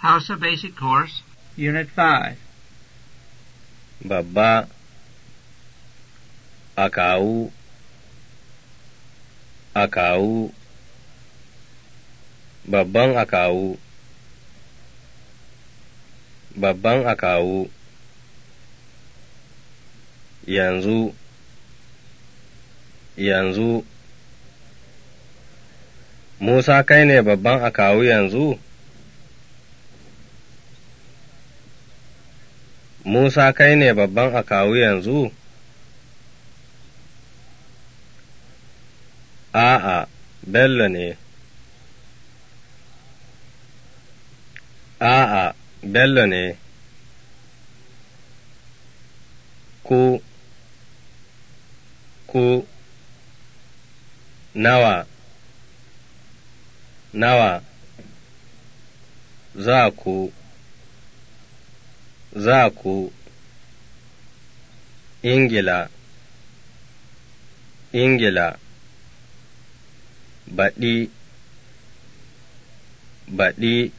Hausa Basic Course, Unit 5. Baba Akau Akau babban Akau babban Akau yanzu, yanzu, Musa kai ne babban akawu yanzu? Musa kai ne babban akawu yanzu? A'a, Bello ne. A'a, Bello ne. Ku, ku, nawa, nawa, za ku. za ku Ingila Ingila baɗi baɗi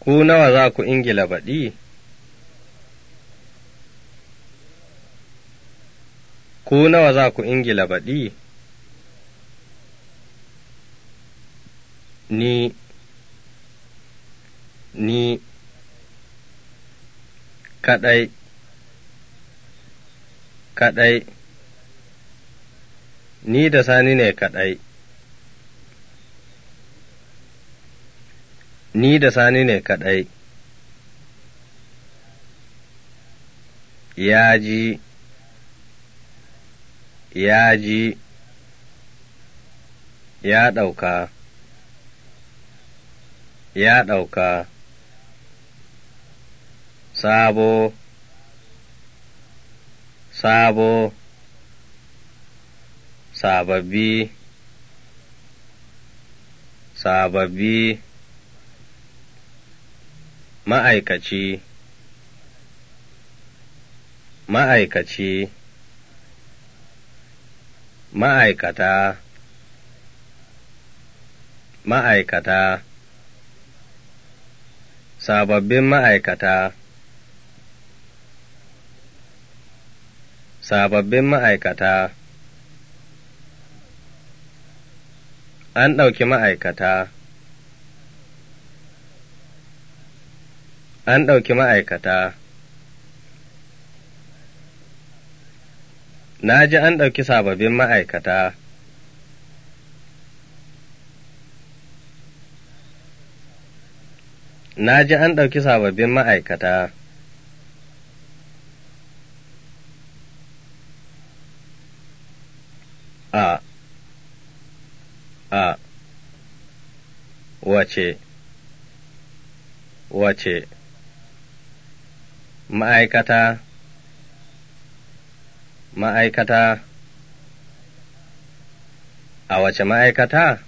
ku nawa za ku Ingila baɗi? Ku nawa za ku Ingila baɗi? Ni, ni, kaɗai kaɗai ni da sani ne kaɗai ni da sani ne kaɗai ya ji ya ji ya ɗauka ya ɗauka sabo sabo sababbi sababbi ma'aikaci ma'aikaci ma'aikata ma'aikata sababbin ma'aikata sababbin ma'aikata an ɗauki ma'aikata an ɗauki ma'aikata na ji an ɗauki sababbin ma'aikata na ji an ɗauki sababbin ma'aikata a a wace wace ma'aikata ma'aikata a wace ma'aikata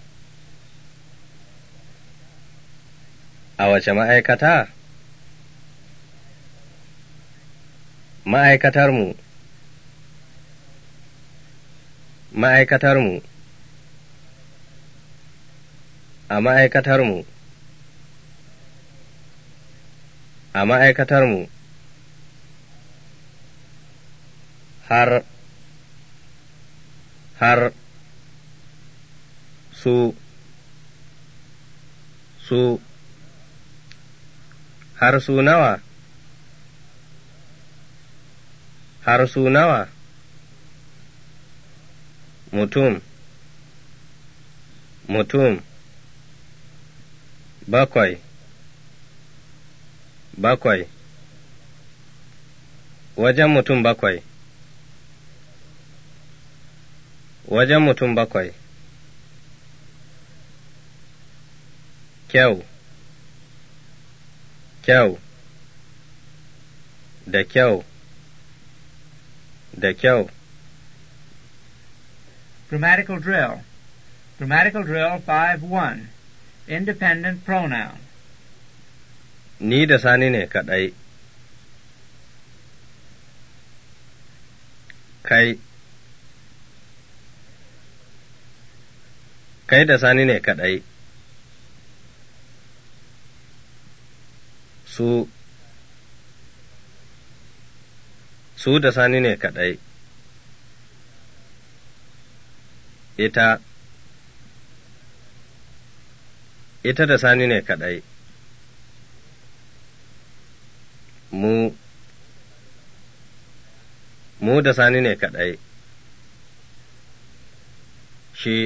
a wace ma'aikata Ma'aikatar ma ma'aikatarmu a ma'aikatarmu a ma'aikatarmu har har su su har su nawa har su nawa mutum mutum bakwai bakwai wajen mutum bakwai wajen mutum bakwai kyau kyau da kyau da kyau Grammatical drill. Grammatical drill 5-1. Independent pronoun. Ni da sani ne kaɗai. Kai. Kai da sani ne kaɗai. Su. Su da sani ne kaɗai. ita ita da sani ne kaɗai mu mu da sani ne kaɗai shi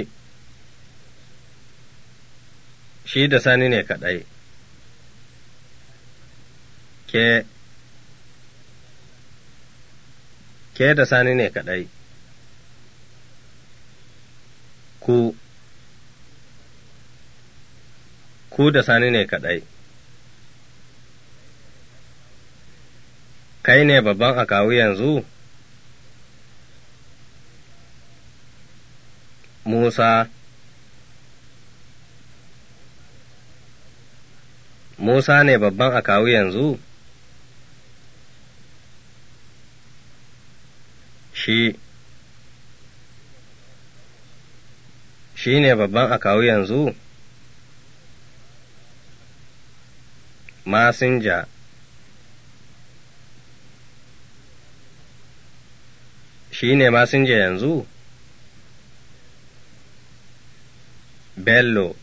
shi da sani ne kaɗai ke ke da sani ne kaɗai ku ku da sani ne kaɗai kai ne babban akawu yanzu Musa Musa ne babban akawu yanzu? Shi shi ne babban akawu yanzu? Masinja Shi ne masinja yanzu? Bello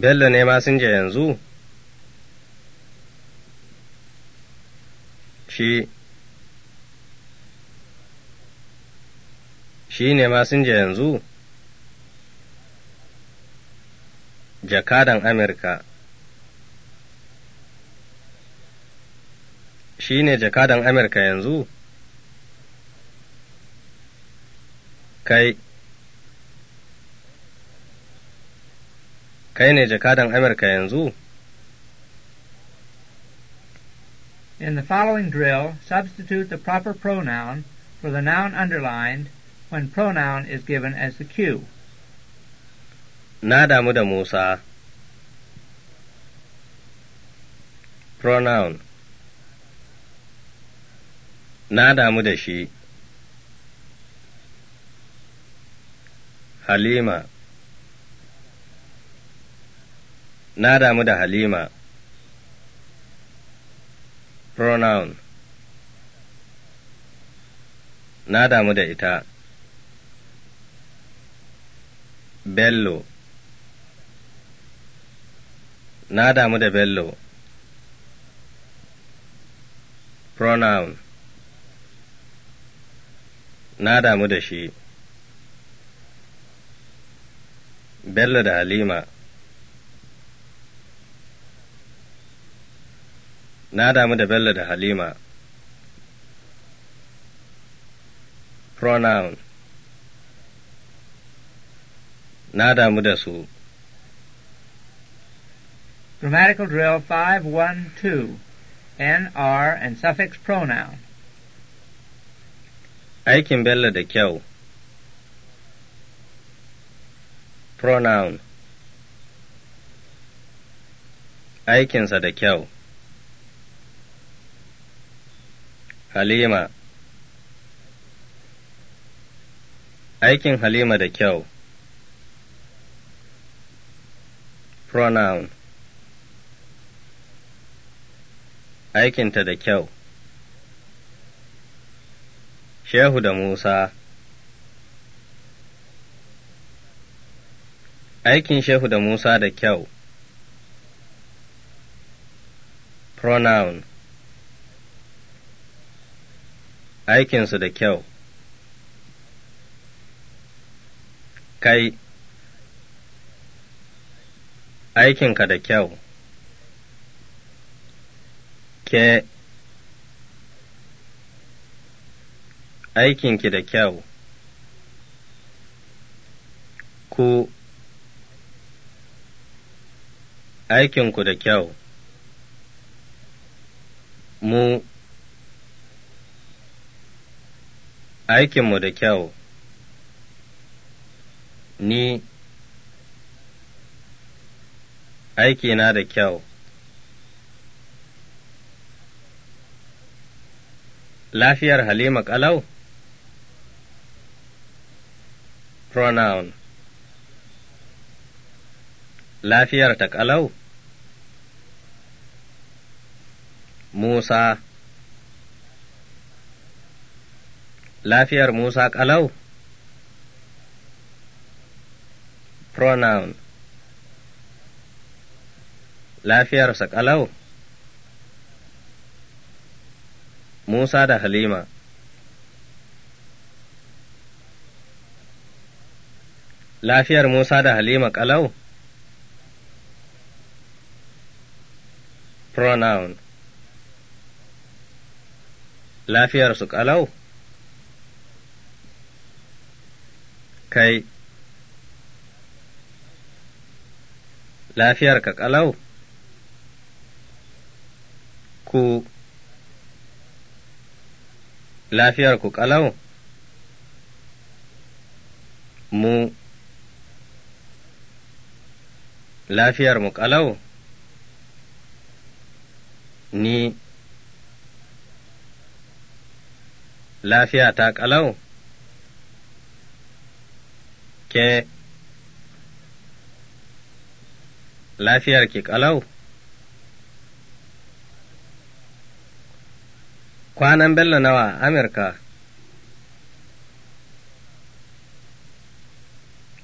Bello ne masinja yanzu? Shi shi ne masinja yanzu? Jakadan Amerika Shi ne jakadan Amerika yanzu? Kai Kai ne jakadan Amerika yanzu? In the following drill, substitute the proper pronoun for the noun underlined when pronoun is given as the cue. Na damu da Musa. Pronoun. Na damu da shi. Halima. Na damu da Halima. Pronoun. Na damu da ita. Bello Na damu da Bello Pronoun Na damu da shi Bello da Halima Na damu da Bello da Halima Pronoun na damu da su. Grammatical drill 512 NR and suffix pronoun. Aikin Bello da kyau. Pronoun Aikinsa da kyau. Halima Aikin Halima da kyau. Pronoun Aikinta da kyau Shehu da Musa Aikin Shehu da Musa da kyau Pronoun Aikinsu da kyau Kai aikinka da kyau. Ke aikinki da kyau. Ku aikinku da kyau. Mu aikinmu da kyau. Ni aiki na da kyau. Lafiyar Halima ƙalau? Pronoun Lafiyar ta ƙalau? Musa Lafiyar Musa ƙalau? Pronoun lafiyarsa ƙalau Musa da Halima Lafiyar Musa da Halima ƙalau Pronoun Lafiyarsu ƙalau Kai Lafiyarka ƙalau ku lafiyar ku kalau mu lafiyar mu kalau ni lafiya ta kalau ke lafiyar ki kalau Kwanan Bello nawa Amurka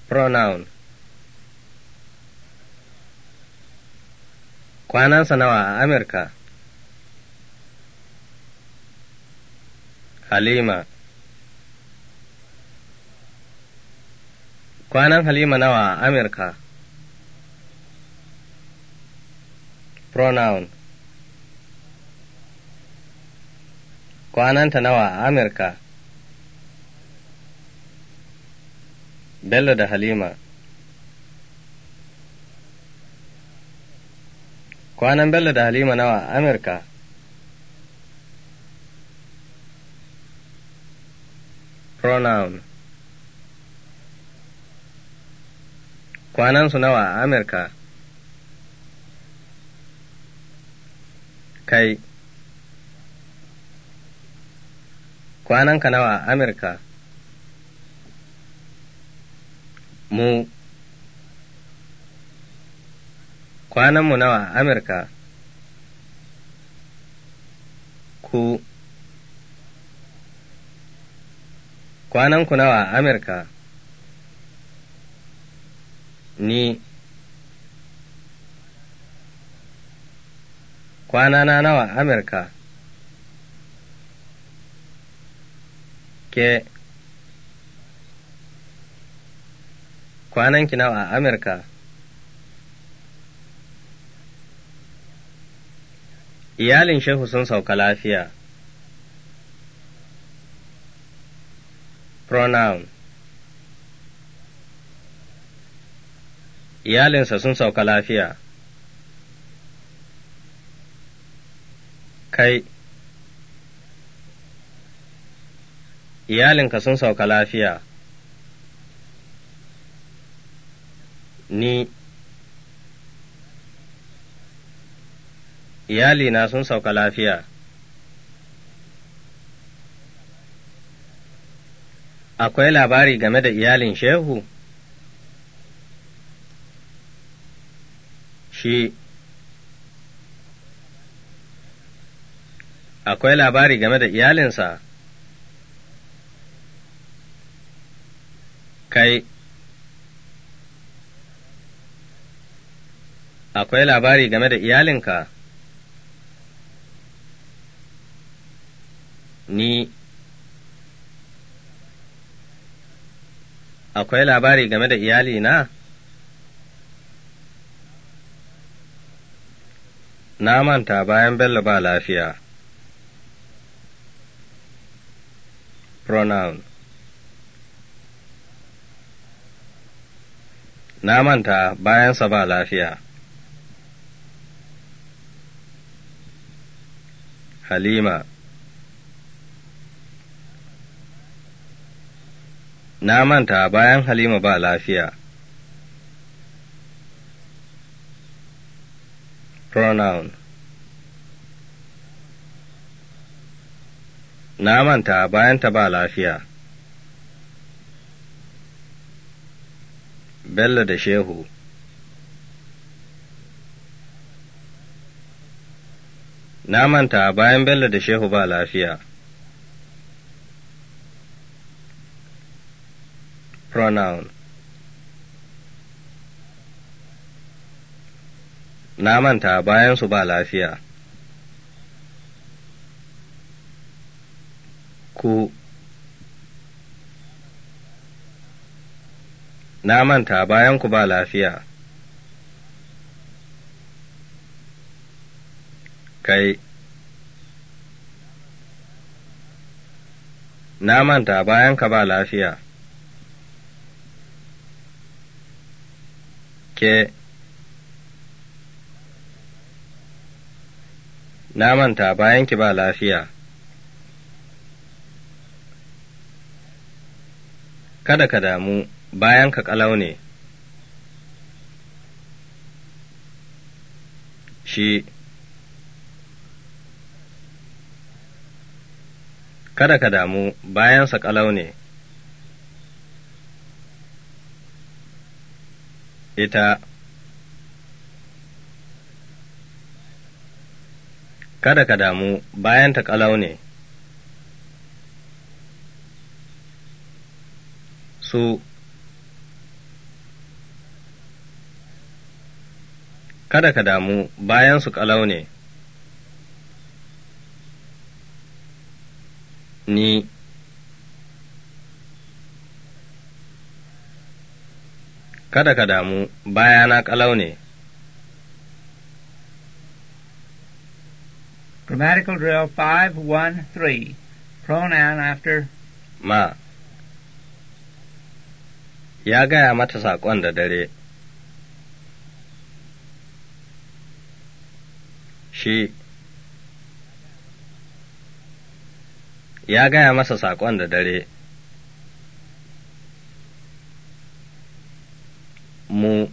Pronoun Kwanansa nawa a Amurka Halima Kwanan Halima nawa a Amurka Pronoun kwananta nawa a Amurka. Bello da Halima Kwanan Bello da Halima nawa a Amurka? Pronoun Kwanansu nawa a Amurka? Kai kwananka nawa a Amurka? Mu Kwananmu nawa a Amurka? Ku Kwananku nawa a Amurka? Ni Kwanana nawa a Amurka? ke kwananki nawa a Amurka? Iyalin Shehu sun sauka lafiya. Pronoun Iyalinsa sun sauka lafiya. Kai iyalinka sun sauka lafiya ni iyalina sun sauka lafiya akwai labari game da iyalin shehu shi akwai labari game da iyalinsa kai akwai labari game da iyalinka ni akwai labari game da iyalina na manta bayan bello ba lafiya pronoun na manta bayansa ba lafiya. Halima Na manta bayan Halima ba lafiya. Pronoun Na manta bayan ta ba lafiya. Bello da Shehu Na manta bayan Bello da Shehu ba lafiya. Pronoun Na manta bayan su ba lafiya. Ku na manta bayan ku ba lafiya. Kai, na manta bayan ka ba lafiya. Ke, na manta bayan ki ba lafiya. Kada ka damu. bayan ka ƙalau ne shi kada ka damu bayan sa ƙalau ne ita kada ka damu bayan ta ƙalau ne su so, kada ka damu bayan su kalau ne. Ni Kada ka damu bayana kalau ne. Grammatical drill 513 pronoun after ma ya gaya mata saƙon da dare. shi ya gaya masa saƙon da dare, mu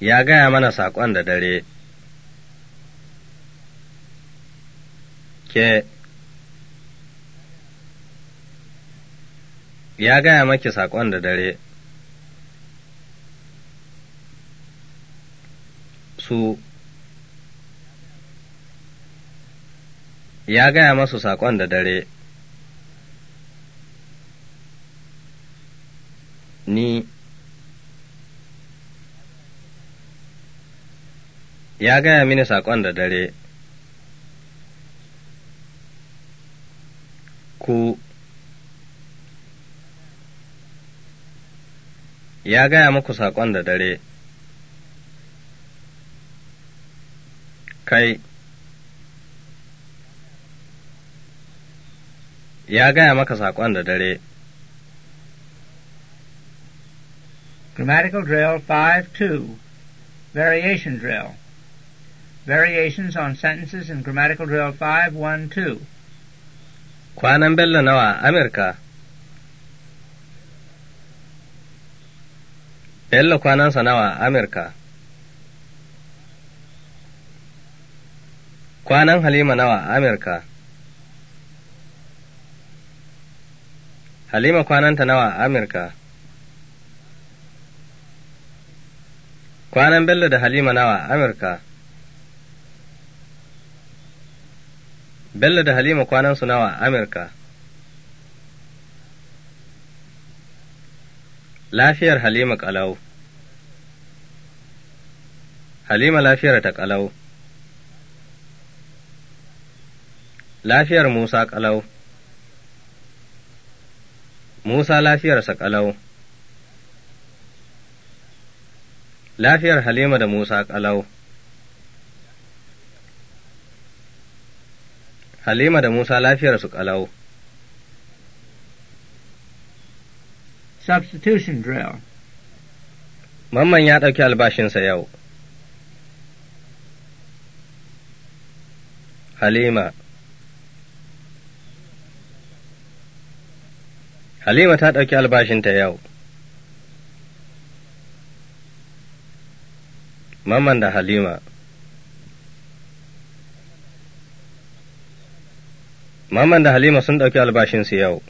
ya gaya mana saƙon da dare, ke ya gaya maki saƙon da dare. su ya gaya masu saƙon da dare, Ni ya gaya mini saƙon da dare, Ku ya gaya muku saƙon da dare. kai ya gaya maka saƙon da dare. Grammatical Drill 5-2 Variation Drill Variations on sentences in Grammatical Drill 5-1-2 Kwanan Bello nawa Amerika Bello kwanan sa nawa Amerika kwanan Halima nawa a Amurka? Halima kwananta nawa a Amurka? Kwanan Bello da Halima nawa a Amurka? Bello da Halima kwanansu nawa a Amurka? Lafiyar Halima kalau. Halima lafiyar ta kalau. Lafiyar Musa ƙalau Musa lafiyarsa ƙalau Lafiyar Halima da Musa ƙalau Halima da Musa lafiyarsu ƙalau Substitution drill Mamman ya ɗauki albashinsa yau Halima Halima ta ɗauki albashinta yau. Maman da Halima Maman da Halima sun ɗauki albashinsu yau.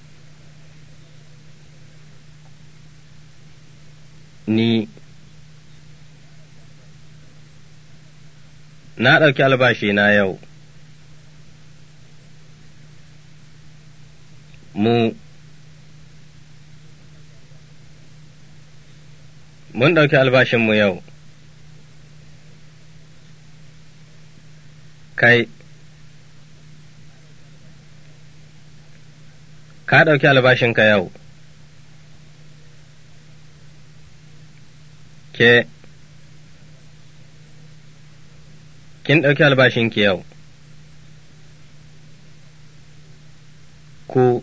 Ni Na ɗauki albashi na yau. Mu mun ɗauki albashinmu yau. Kai, ka ɗauki albashinka yau. Ke, kin ɗauki albashinki yau. Ku,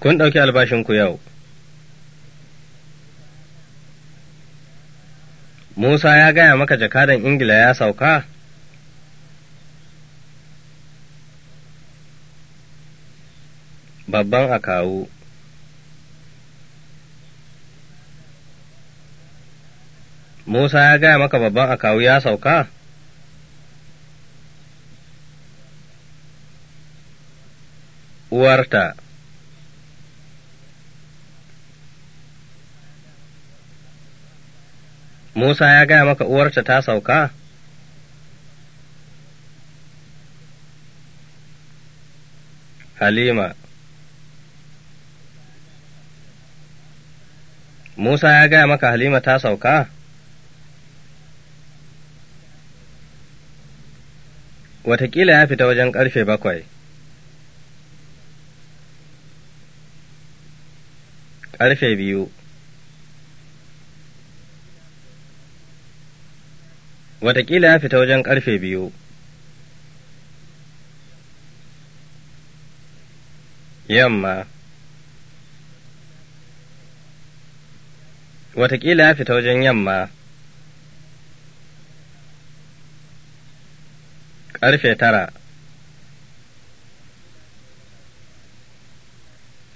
kun ɗauki albashinku yau. Musa ya gaya maka jakadan Ingila ya sauka? Babban akawu Musa ya gaya maka babban akawu ya sauka? Uwarta Musa ya gaya maka uwarta ta sauka? Halima Musa ya gaya maka Halima ta sauka? Wataƙila ya fita wajen ƙarfe bakwai. Ƙarfe biyu watakila ya fita wajen karfe biyu. Yamma Watakila ya fita wajen yamma. Ƙarfe tara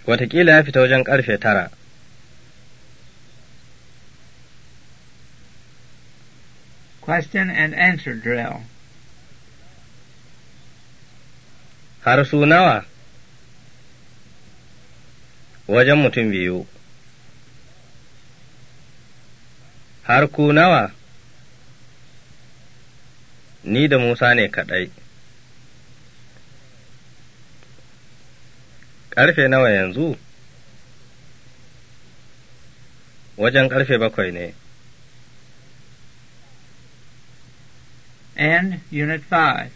Watakila ya fita wajen ƙarfe tara. Question and answer drill. Har su nawa? Wajen mutum biyu. Har ku nawa? Ni da Musa ne kaɗai. Ƙarfe nawa yanzu? Wajen ƙarfe bakwai ne. and Unit 5.